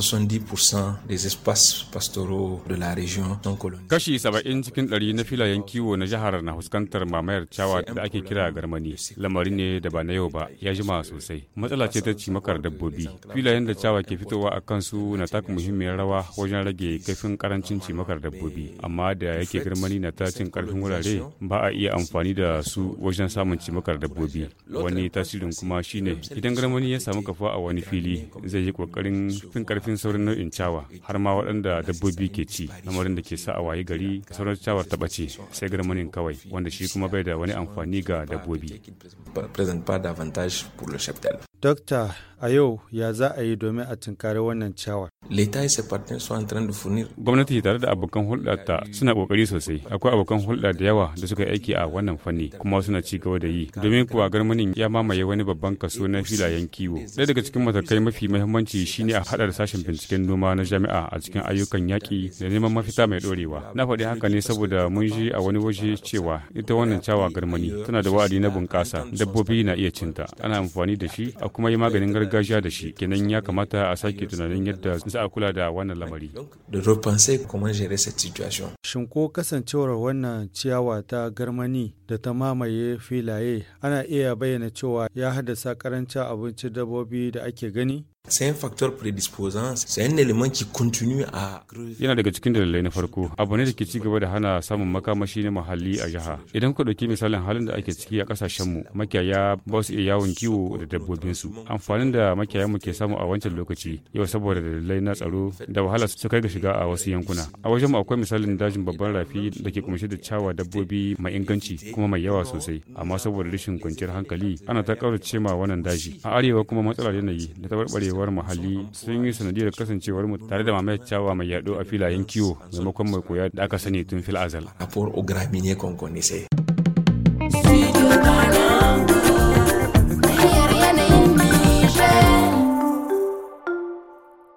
70% des espaces pastoraux de la région sont colonisés. Kashi 70 cikin 100 na filayen kiwo na jihar na fuskantar mamayar ciyawa da ake kira garmani. Lamari ne da ba na yau ba, ya jima sosai. Matsala ce ta cimakar dabbobi. Filayen da ciyawa ke fitowa a kansu na taka muhimmiyar rawa wajen rage kaifin karancin cimakar dabbobi. Amma da yake garmani na ta cin karfin wurare, ba a iya amfani da su wajen samun cimakar dabbobi. Wani tasirin kuma shine idan garmani ya samu kafa a wani fili zai yi kokarin fin karfin karfin saurin nau'in cawa har ma waɗanda dabbobi ke ci lamarin da ke sa a wayi gari sauran cawar ta ɓace sai garmanin kawai wanda shi kuma bai da wani amfani ga dabbobi. Dokta, Ayo ya za a yi domin a tunkari wannan ciyawar? Gwamnati tare da abokan hulɗa ta suna ƙoƙari sosai. Akwai abokan hulɗa da yawa da suka aiki a wannan fanni kuma suna ci gaba da yi. Domin kuwa garmanin ya mamaye wani babban kaso na filayen kiwo. Ɗaya daga cikin matakai mafi mahimmanci shi ne a haɗa da sashen binciken noma na jami'a a cikin ayyukan yaƙi da neman mafita mai ɗorewa. Na faɗi haka ne saboda mun ji a wani waje cewa ita wannan cawa garmani tana da wa'adi na bunƙasa dabbobi na iya cinta ana amfani da shi a kuma yi maganin gargajiya da shi kenan ya kamata a sake tunanin yadda za a kula da wannan lamari. Shin ko kasancewar wannan ciyawa ta garmani da ta mamaye filaye ana iya bayyana cewa ya haddasa karancin abincin dabbobi da ake gani? C'est un facteur prédisposant, c'est un élément qui continue à Yana daga cikin dalilai na farko, abu ne da ke ci gaba da hana samun makamashi na muhalli a jiha. Idan ku ɗauki misalin halin da ake ciki a ƙasashenmu, makiyaya ba su iya yawon kiwo da dabbobinsu. Amfanin da makiyayanmu ke samu a wancan lokaci, yau saboda dalilai na tsaro da wahala su kai ga shiga a wasu yankuna. A wajenmu akwai misalin dajin babban rafi da ke kumshe da cawa dabbobi mai inganci kuma mai yawa sosai, amma saboda rashin kwanciyar hankali ana ta ƙaurace ma wannan daji. A arewa kuma matsalar yanayi da ta taɓarɓarewa gurɓacewar muhalli sun yi sanadiyar kasancewar mu tare da mamayar cewa mai yaɗo a filayen kiwo maimakon mai koya da aka sani tun fil azal. Studio Ghana.